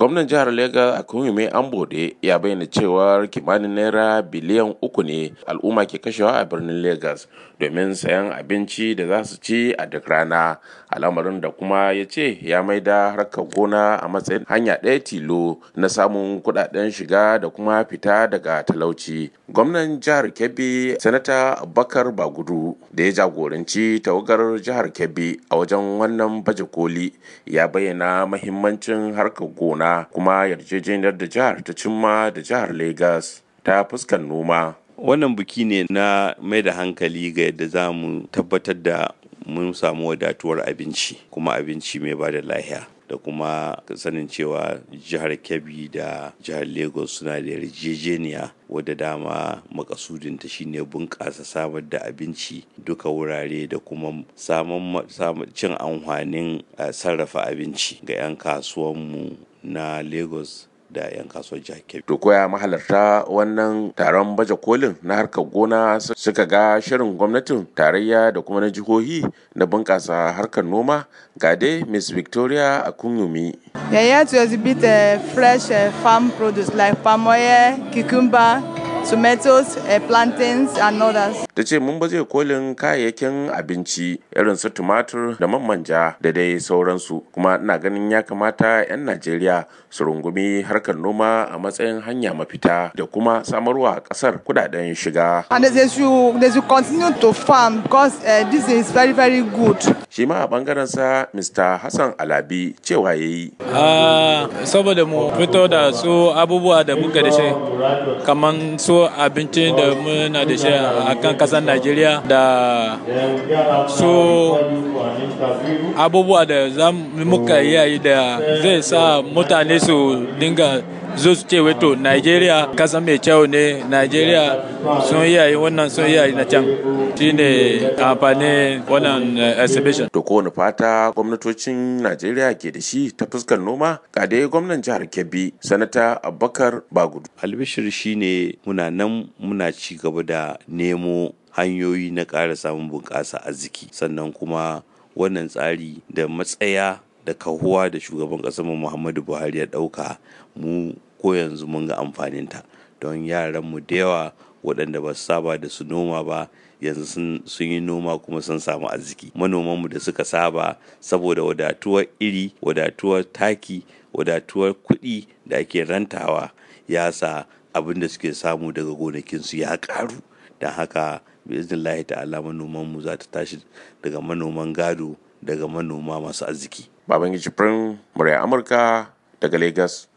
gwamnan jihar lega a kuhume an bode ya bayyana cewa kimanin naira biliyan uku ne al'umma ke kashewa a birnin Legas domin sayan abinci da za su ci a duk rana al'amarin da kuma ya ce ya maida harkar gona a matsayin hanya ɗaya tilo na samun kuɗaɗen shiga da kuma fita daga talauci gwamnan jihar kebbi sanata Bakar bagudu da ya jagoranci tawagar jihar kebbi a wajen wannan baje koli ya bayyana mahimmancin harkar gona kuma yarjejeniyar da jihar ta cimma da jihar lagos ta fuskar noma wannan biki ne na mai da hankali ga yadda za mu tabbatar da mun samu wadatuwar abinci kuma abinci mai ba da lahiya da kuma sanin cewa jihar kebbi da jihar lagos suna da yarjejeniya wadda dama makasudinta shine bunƙasa samar da abinci duka wurare da kuma cin amfanin eh, sarrafa abinci ga 'yan kasuwanmu na lagos da 'yan kasuwar jihar Kebbi. To koya mahalarta wannan taron baje kolin na harkar gona suka ga shirin gwamnatin tarayya da kuma na jihohi na bunƙasa harkar noma ga dai Miss Victoria Akunyumi. We are to exhibit uh, fresh uh, farm produce like palm oil, cucumber, tomatoes, uh, plantains and others. ta ce mun baje kolin kayayyakin abinci irin su tumatur da man manja da dai sauransu kuma ina ganin ya kamata 'yan najeriya su rungumi harkar noma a matsayin hanya mafita da kuma samarwa kasar kudaden shiga and they should, they should continue to farm because eh, this is very very good shi ma a bangaren sa mr hassan alabi cewa yayi uh, ah, saboda mu fito da su abubuwa da muka da shi kamar su abinci da muna da shi a kan ƙasar najeriya da so abubuwa da za muka yi da zai sa mutane su dinga zo su ce wato Najeriya ƙasa mai kyau ne Najeriya sun yayi wannan sun yayi na can ne amfani wannan eh, exhibition to kowane fata gwamnatocin nigeria ke da shi ta fuskar noma ga dai gwamnan jihar kebbi sanata abubakar bagudu albishir ne muna nan muna ci gaba da nemo hanyoyi na ƙara samun bunƙasa a ziki sannan kuma wannan tsari da matsaya da kahuwa da shugaban ƙasarmu muhammadu buhari ya ɗauka mu ko yanzu mun ga amfaninta don yaranmu da yawa waɗanda ba su saba da su noma ba yanzu sun yi noma kuma sun samu arziki manomanmu da suka saba saboda wadatuwar iri wadatuwar taki wadatuwar kuɗi da ake rantawa ya sa abin da suke samu daga gonakinsu ya ƙaru don haka biiznillahi ta'ala manoman mu za ta tashi daga manoman gado daga manoma masu arziki babangiji prim murya amurka daga lagos